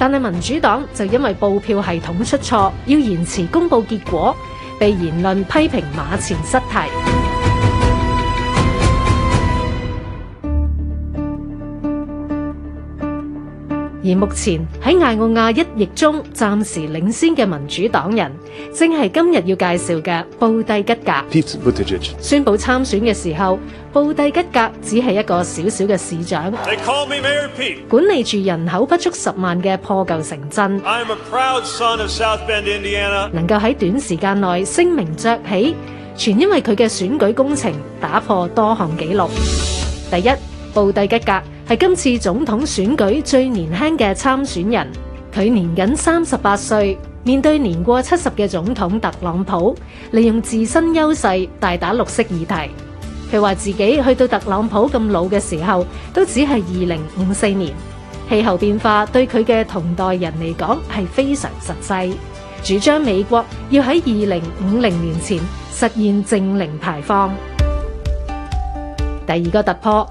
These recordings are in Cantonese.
但是民主黨就因為報票系統出錯，要延遲公布結果，被言論批評馬前失蹄。而目前喺艾奧瓦一役中暫時領先嘅民主黨人，正係今日要介紹嘅布蒂吉格。宣布參選嘅時候，布蒂吉格只係一個小小嘅市長，管理住人口不足十萬嘅破舊城鎮。I am a proud son of South Bend, Indiana. 能夠喺短時間內聲名鵲起，全因為佢嘅選舉工程打破多項紀錄。第一，布蒂吉格。係今次總統選舉最年輕嘅參選人，佢年僅三十八歲，面對年過七十嘅總統特朗普，利用自身優勢大打綠色議題。佢話自己去到特朗普咁老嘅時候，都只係二零五四年，氣候變化對佢嘅同代人嚟講係非常實際，主張美國要喺二零五零年前實現淨零排放。第二個突破。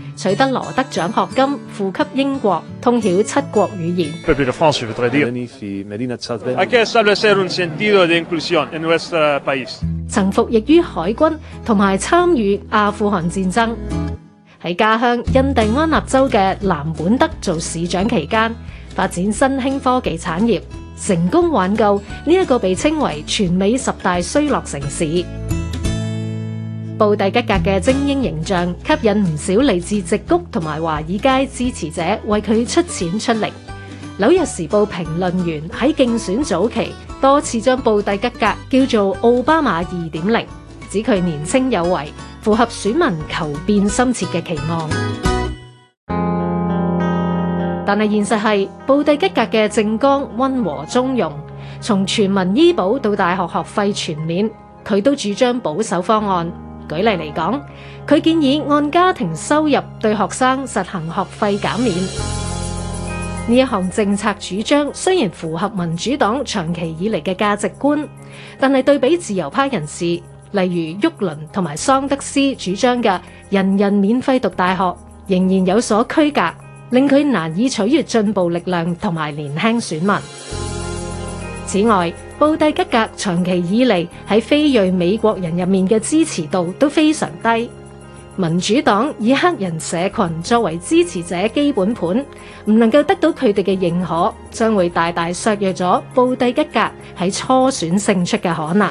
取得羅德獎學金，赴給英國，通曉七國語言。曾服役於海軍，同埋參與阿富汗戰爭。喺家鄉印第安納州嘅南本德做市長期間，發展新興科技產業，成功挽救呢一個被稱為全美十大衰落城市。布蒂吉格嘅精英形象吸引唔少嚟自直谷同埋華爾街支持者為佢出錢出力。《紐約時報》評論員喺競選早期多次將布蒂吉格叫做奧巴馬二點零，指佢年輕有為，符合選民求變深切嘅期望。但係現實係布蒂吉格嘅政綱溫和中庸，從全民醫保到大學學費全免，佢都主張保守方案。舉例嚟講，佢建議按家庭收入對學生實行學費減免。呢一項政策主張雖然符合民主黨長期以嚟嘅價值觀，但係對比自由派人士，例如沃倫同埋桑德斯主張嘅人人免費讀大學，仍然有所區隔，令佢難以取悦進步力量同埋年輕選民。此外，布蒂吉格長期以嚟喺非裔美國人入面嘅支持度都非常低，民主黨以黑人社群作為支持者基本盤，唔能夠得到佢哋嘅認可，將會大大削弱咗布蒂吉格喺初選勝出嘅可能。